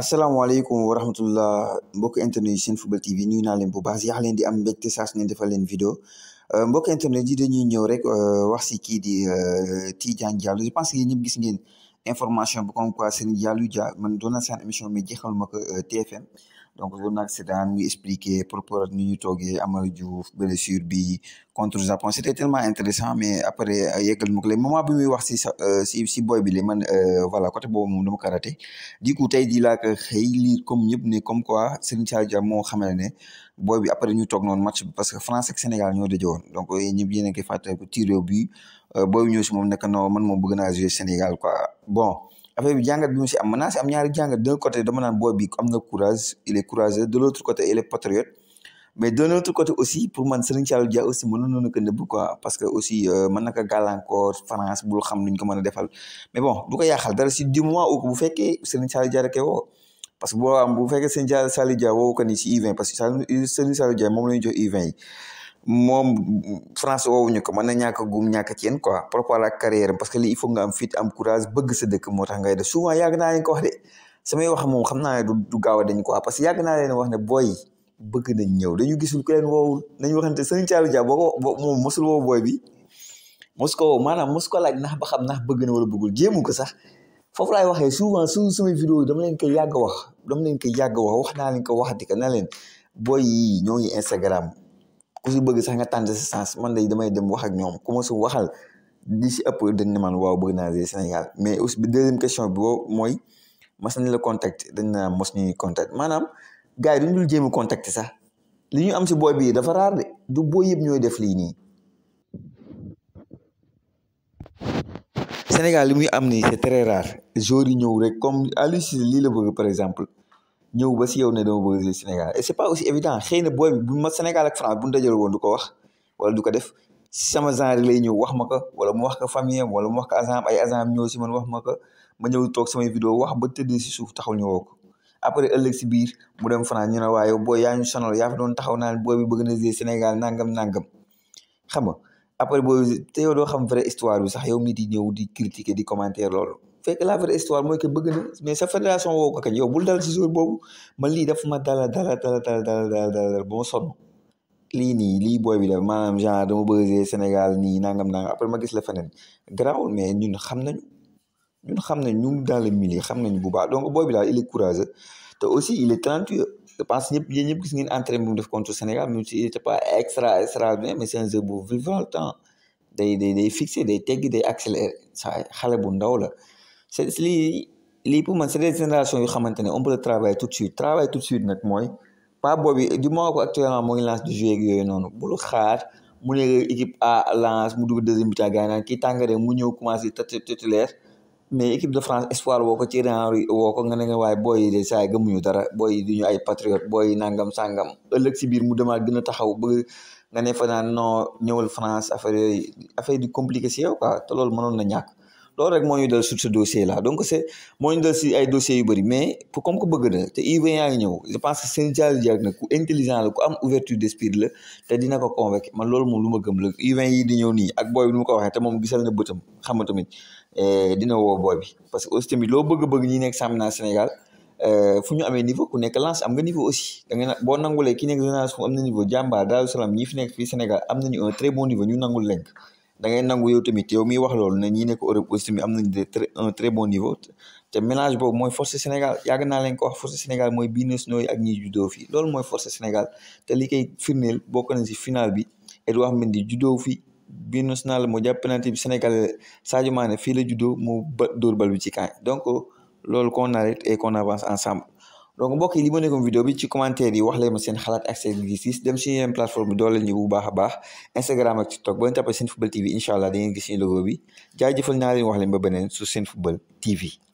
asalaamaaleykum wa rahmatullah mbokk internet yi Senfootball TV nuyu naa leen bu baax yaax leen di am mbégte saa su ne defal leen vidéo euh, mbokk internet yi dañuy ñëw rek euh, wax si kii di euh, Tidiane Diallo je pense que ñëpp gis ngeen information bu comme quoi seen Diallo Dia man dona naa émission mais jeexal ma euh, TFM donc loolu nag c'est daan nous expliquer propos ni ñu toogee Amara Diouf blessure bi contre Japon c'était tellement intéressant mais après euh, yeggal ma ko léegi moment bi muy wax si ci euh, si si boy bi le man voilà côté bobu dama karaté raté du coup tey jii laa que xëy comme ñep ne comme quoi Serigne Diallo Dia moo xamale ne boy bi après ñu tok non match parce que France ak Sénégal ñoo de woon donc ñep yéen a ngi faté fàttaliku tiré but Euh, booy ñëw si moom nekk non man moom bëgg naa jouer Sénégal quoi bon affaire bi jàngat bi mu si am mën naa ñaari jàngat d'un côté dama naan booy na courage il est courageux de l'autre côté il est patriote mais de l'autre côté aussi pour man Serigne Saliou Dia aussi mënoon na ko nëbb quoi parce que aussi euh, mën na ko gàllankoor France bul xam nuñ ko mën a defal mais bon du ko yaaxal dara si du moment où bu fekkee Serigne Saliou Dia rek woo parce que boo am bu fekkee Serigne Saliou Dia woo ko ni parce que moom la moom France woowuñu ko mën na ñàkk gum ñàkk ci yéen quoi par rapport ak carrière parce que lii il faut nga am fit am courage bëgg sa dëkk moo tax ngay def souvent yàgg naa leen ko wax de samay wax moom xam naa ne du gaaw a dañ quoi parce que yàgg naa leen wax ne booy bëgg nañ ñëw dañu gisul ku leen woowul nañ waxante sëñ Thialou Dia boo ko moom mosul woo booy bi mos ko woo maanaam mos ko laaj ndax ba xam ndax bëgg na wala bëggul jéemu ko sax foofu laay waxee souvent su samay vidéo dama leen koy yàgg wax dama leen koy yàgg wax wax naa leen ko waxati ko na leen booy yi ñoo ngi Instagram ku si bëgg sax nga tànn sa sens man day damay dem wax ak ñoom ku ma su waxal di si ëpp dañ ne man waaw bëgg naa Sénégal mais aussi bi deuxième question bi mooy mas nañ la dañ naa mos ñuy contact maanaam gars yi duñ jéem a contacter sax li ñu am si booy bii dafa du booy yëpp ñooy def lii nii Sénégal li muy am nii c'est très rare jour yi ñëw rek comme Aliou lii la bëgg par exemple ñëw ba si yow ne dama bëgg Sénégal et c'est pas aussi évident xëy na booy bi bu ma Sénégal ak France bu ñu dajale du ko wax wala du ko def sama genre lay ñëw wax ma ko wala mu wax ko famille am wala mu wax ko agent ay agent ñëw si man wax ma ko ma ñëw toog samay vidéo wax ba tëdd si suuf taxul ñu woo ko après ëllëg si biir mu dem France ñu ne waa yow booy yaa ñu sonal yaa fa doon taxaw naan booy bi bëgg na Sénégal nangam nangam xam nga après booy te doo xam vraie histoire bi sax yow mii di ñëw di critiquer di commentaire loolu fekk la vraie histoire mooy que bëgg na mais sa fait ko si jour ma Sénégal nangam nangam après ma la mais le milieu xam nañu bu baax donc booy bi il est courageux te aussi il est talentueux je pense ñëpp yéen ñëpp ngeen entraînement contre Sénégal même si était extra mais c'est un jeu vivant le temps day day fixé bu ndaw la c'est li lii pour man c'est des générations yu xamante on peut le travailler tout de suite travailler tout de suite nak moy pas bobu du moment ko actuellement moo ngi lance du jeu non bu lu xaar mu nekk équipe A lance mu dugg deuxième mi-temps gaa naan ki tàngare mu ñëw commencé titulaire mais équipe de France espoir woko ci ren woko nga nga way boy yi de saa yi gëmuñu dara boy yi duñu ay patriote boy yi nangam sangam ëlëk si biir mu demaat gën taxaw bëgg nga ne fa naan non ñëwul France affaire yooyu affaire du compliqué si yow quoi te loolu mënoon na ñàkk loolu rek moo ñu dal sur ce dossier là donc c' est moo ñu dal si ay dossiers yu bëri mais pour comme ko bëgg na te UV yaa ngi ñëw je pense que seen jaay jaag nag ku intelligent la ku am ouverture d' esprit la te dina ko convaincre man loolu moom lu ma gëm la UV yi di ñëw nii ak boy bi nu ma ko waxee te moom gisal na bëtam xam nga tamit eh, dina woo boy bi parce que aussi tamit loo bëgg-bëgg ñi nekk sàmm naa Sénégal. Eh, fu ñu amee niveau ku nekk lance am nga niveau aussi da nga boo nangulee ki nekk génération am na niveau jàmbaar Daaru Salaam ñi fi nekk fii Sénégal am nañu un très bon niveau ñu nangul lenk da ngay nangu yow tamit yow wax très un très bon niveau te mélange force Sénégal ko wax force Sénégal moy bii noy ak ñi judo fi force Sénégal te li final bi Edouard Mendy juddoo judo, mo nous Sénégal Sadio Mané fi la judo mo ba bi donc qu'on arrête et qu'on avance ensemble donc mbokk yi li ma nekkoon vidéo bi ci commentaire yi wax leen ma seen xalaat ak seen gis-gis dem suñu yeneen plateforme bi dooleel ñu bu baax a baax Instagram ak TikTok ba ngeen tapee seen football TV incha allah da gis suñu logo bi jaajëfal naa leen wax leen ba beneen su seen football TV.